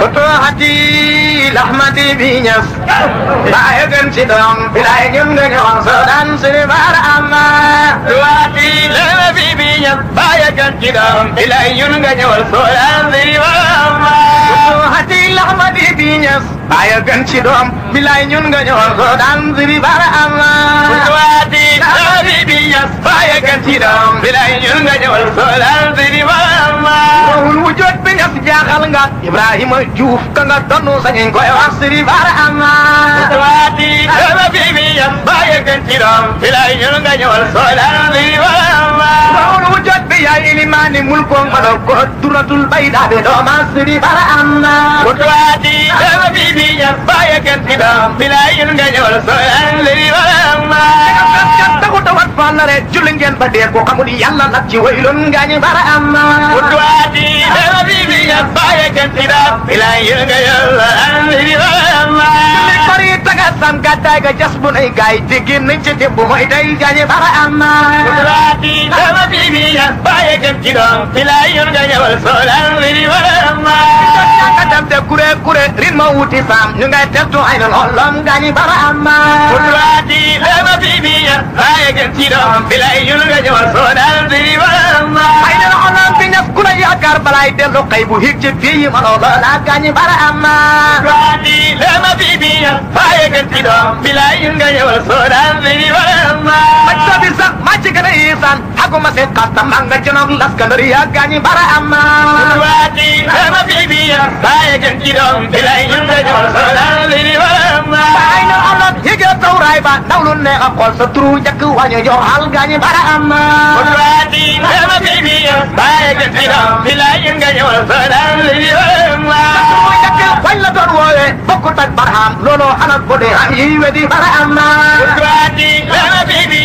فتوحتي لحمتي بينس بايقن شدام بلاي جن جوان سودان سلبار أما توحتي لحمتي بينس بايقن شدام بلاي جن جوان سودان سلبار أما توحتي لحمتي sii ñes bàyyi gën ci doom bilaay ñun nga ñor ko daan siri bara ama waati sori bi ñes bàyyi gën ci doom bilaay ñun nga ñor ko daan siri bara ama wul wu jot bi ñes jaaxal nga Ibrahima Juuf ka nga donnu sañuñ koy wax siri bara ama waati sori bi ñes bàyyi gën ci doom bilaay ñun nga ñor ko daan siri bara yaay ilimaani mulkoon ko ɗon ko duratul ɓayɗaɓe ɗo masiri bara anna wotowaati ɗewa bibiñan baya kentiɗam bila yilngañol so anleri wala amma tawat fallare julingen baɗe ko kamuɗi yallah lacci waylon gañi bara amma wotowaati ɗewa bibiñan baya kentiɗam bila yilngayol anleri wala amma sam gadday ga jasbunay gay digin ninci debbo moy day jañi bara amma wotowaati ɗewa bibiñan baya gamtiro filayun ga ñawal solan ririwarama katam de kure kure ritmo wuti fam ñu ngay teftu aynol hollom gani barama kudwati lema bibiyar baya gamtiro filayun ga ñawal solan ririwarama aynol hollom bi ñaf kula yaakar balay dellu qaybu hijje fiyi malola la gani barama kudwati lema bibiyar baya gamtiro filayun ga ñawal solan ririwarama majsabi sax màcc gën a yéesaan xaguma seen xasta mag nga jënoog laskandari yaa gaañi bara amma waati sama fi bi ya gën ci doom bi lay ñun nga ñoo solaan a bara amma waati sama fi bi ya gën ci doom bi lay ñun nga ñoo solaan bara amma waati sama fi bi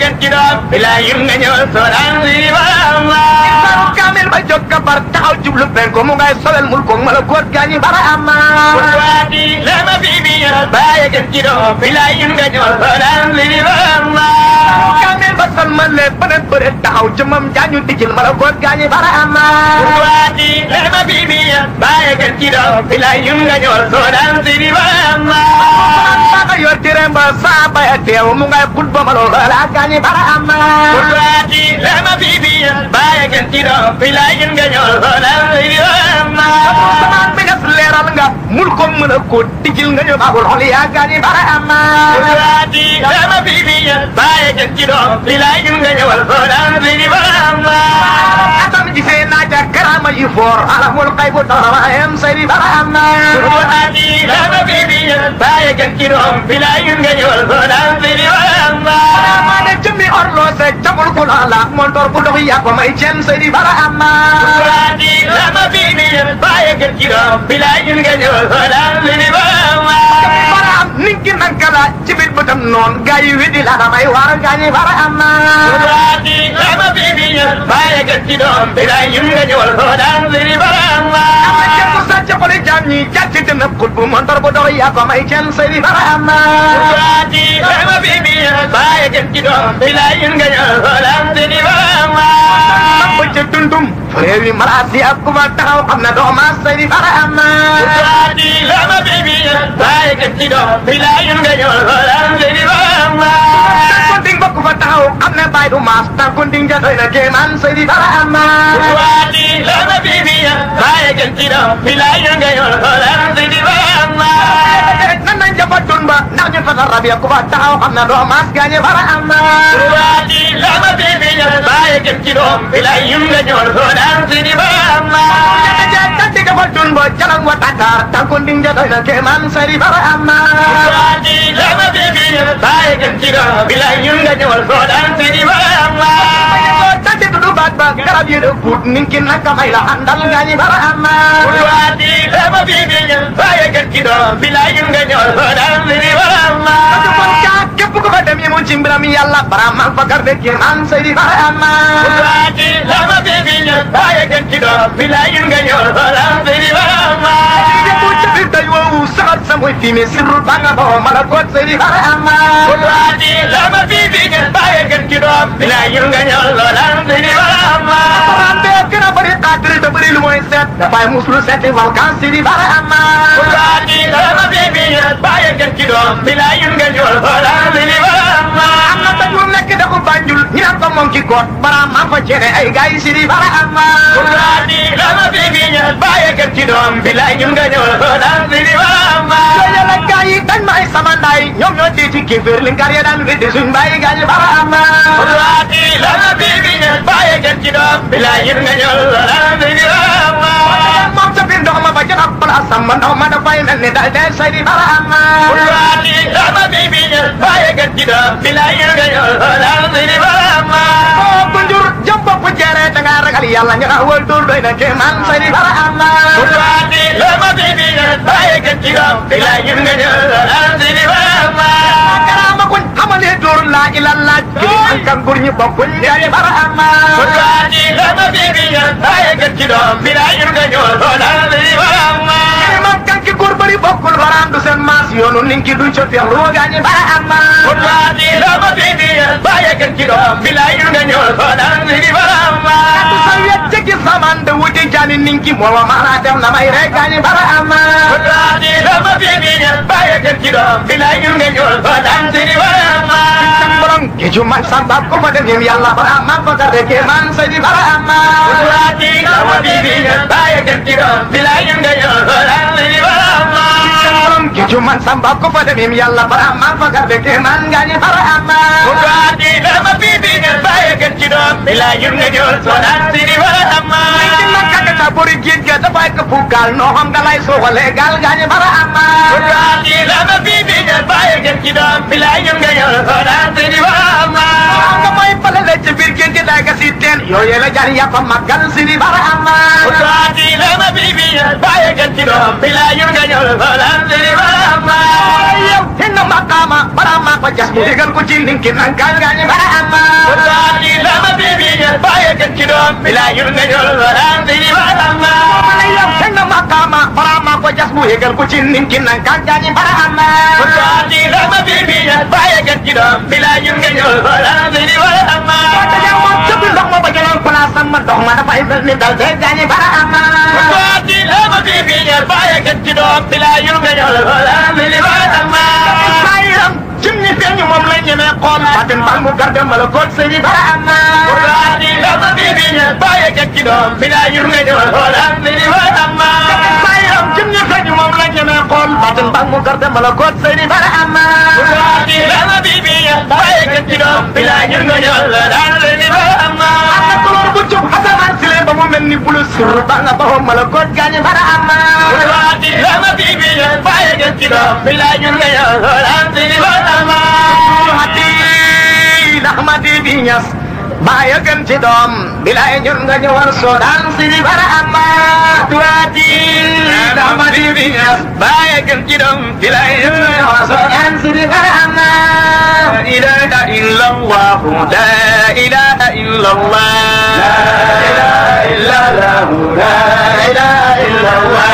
jëntinam bilaa yim nga ñëw solaan si barama sanu kaamil ba jóg ka bar taxaw jublu pen ko mu ngay sobel mul ko mala góor gaañi barama waati lama bibi baa yëgën ci doo bilaa yim nga san ma leen beneen bëre taxaw jëmam jaañu dijil ma la góor gaañi bara ama waati lema bi mi ya bàyyi gën ci doom bi lay yum nga ñool soo daan si bi bara ama baka yor tirem gaañi bara ama waati lema bi mi bara ama mulkom mën a ko tijjil nga ñu magul xol yaa gani bara amma raati dama bi bi ya baye jël ci doom bilaay ñu nga ñëwal foo daan bi ni bara amma atam ji fay naa ca karama yi foor alamul qaybu tarama em sari bara amma raati dama bi bi ya baye jël ci doom bilaay ñu nga ñëwal foo daan bi ni bara moo ko loola montor bu dox yaa ko may cen sëriñ bara amma suraati lama bii ni yëpp bàyyi gën ci doom bilaay ñun nga ñëw wala li ni ba ma bara am nit ki nag kala ci biir bëtam noonu gaa yi weddi la damay war gaa ñi bara amma suraati lama bii ni yëpp bàyyi gën ci doom bilaay ñun nga ñëw wala li ni ba ci xoli jaam ñi jàcc te na xul bu montor bu dox yaa ko may cen say bi farama jaati rama bi bi baaye jëm ci doom bi lay nga ñëwalam te ni farama ba ca dundum réew yi malaat di ak ku fa taxaw xam na dooma say bi farama jaati rama ci doom bi lay nga ñëwalam te ni farama amma kunding bokku fatahu amna baidu masta kunding jadoi na keman sai di bara amma wati la na bibiya baya kentira bilai yanga yor horan sai di bara amma nanan jaba tunba nanyo fata rabia ku fatahu amna do mas ganye bara amma wati la na bibiya baya kentira bilai yanga yor horan sai di bara amma Jangan buat takar, tak kunding jadoi na keman sari bara amma. Wati la bilaay ñun nga ñëwal soo daan sëñ ba amma baat ba garab yi de fuut nin ki naka may bara amma waati bi bi ñun waaye gën ci doom bilaay ñun nga ñëwal ko demi mun cimbirami yalla baramal bakar de ke an sayri harama wadati lama be ginya baye kan kido bilayin ga yo la sayri harama ya ko tabi tayo sar samoy fi me sirru banga bo mala ko sayri harama wadati lama be ginya baye kan kido bilayin ga yo la sayri harama ande kana bari qadir jibril mooy seet dafay muslu seeti volcan si di bara amma bugaati dama bibi bàyyi gën ci doom bi laa yun nga jool xoolaa si di bara amma am na taj mu nekk daku bànjul ñu naan ko moom ci koot bara maa fa cene ay gars yi si di bara amma bugaati dama bibi bàyyi gën ci doom bi laa yun nga jool xoolaa si di bara amma yàlla gars yi dañ ma ay samandaay ñoom ñoo tee ci kéféer li ngar ya daan weddi suñ bàyyi gaañ bara amma bugaati dama jajjidam bila yirna yalladina مبتدئ دعما بجرب بلا سما دعما دفاين أني دعي دعي سيدي برهما كلاني لما بيبي باي جدا بلا يرغي الأرضي برهما بنجر جنب بجارة تنار قال يلا نرى أول دور بين كمان سيدي برهما كلاني لما بيبي باي جدا بلا يرغي الأرضي برهما bokkul xamalee dóor laa ilal laaj. kii an kan bur ñu bokkul. jaajëf barahama. kon waa nii la ma fi bi ñor. bàyyi gën ci doom bi laa yor nga ñor. bokkul baraan du seen maas yoonu ninki du coppeex lu ma gaañi bara am ma kon waa ni loo ko fi di bàyyi kan ci doom bi lay yu nga ñëw soo daan ni di bara am ma tu sa wet ci gis saman de wuti jaani ninki moo ma maanaa dem na may rek gaañi bara am ma kon waa ni loo ko fi di bàyyi kan ci doom bi lay yu nga ñëw soo daan ni di bara am ma ki cuma samba ko fa dem yàlla bara am ma ko tarde ke man sa di bara am ma kon waa ni loo ko fi di bàyyi kan ci doom bi lay yu nga ñëw soo daan ni di bara am ma Kichuman sambako pada mim yalla ya para amma pagar beke manganya para amma. Kuda di lama bibi ngerbaya kecidom bila yurne jol sodan sini para amma. nak maka kita buri jin kita baik kebukal noham galai so legal ganya para amma. Kuda di lama bibi ngerbaya kecidom bila yurne jol sodan sini para amma. teen yooyu la jar ya ko màggal si di barahama utaati la ma bi bi bàyyi gën ci doom bi la ñu nga ñëw xoolal si di barahama yow hinna maqaama barahama ko jas mu digal ko ci ninki nankan nga ñu barahama utaati la ma bi bi bàyyi gën ci doom bi la ñu nga ñëw xoolal si di barahama yow hinna maqaama barahama ko jas mu digal ko ci ninki nankan nga ñu barahama utaati la ma bi bi bàyyi gën ci doom bi la ñu nga ñëw xoolal si di barahama ma ko jëloon place am ma dox ma dafay mel ni dal day gaañi bara ama doom di lama bi bi ne bàyyi gën ci doom bi laa yu nga ñoo la loola mi li bara ama bàyyam jim ni feeñu moom lañ ñemee xool batin bal mu garde ma la koot sëñ bi bara ama doom di lama bi bi ne bàyyi gën ci doom bi laa yu nga ñoo la loola mi li bara ama bàyyam jim ni feeñu moom lañ ñemee xool batin bal mu garde ma la koot sëñ bi bara ama doom di lama bi bi ne bàyyi gën ci doom bi laa yu nga ñoo la loola mu mel ni bulus ba nga baxoo malakoot gaañu bara amma waati lama bi bi ya bàyyi ngeen ci doom bi laa ñu nga ya xool am si ni ba sama hati ndax bayakan si dom bila ejun ganyo warso dan sini barah amma tua ti nama di bingas bayakan si dom bila ejun ganyo warso dan sini bara amma ila ta illallah la ilaha illallah la ilaha illallah la ilaha illallah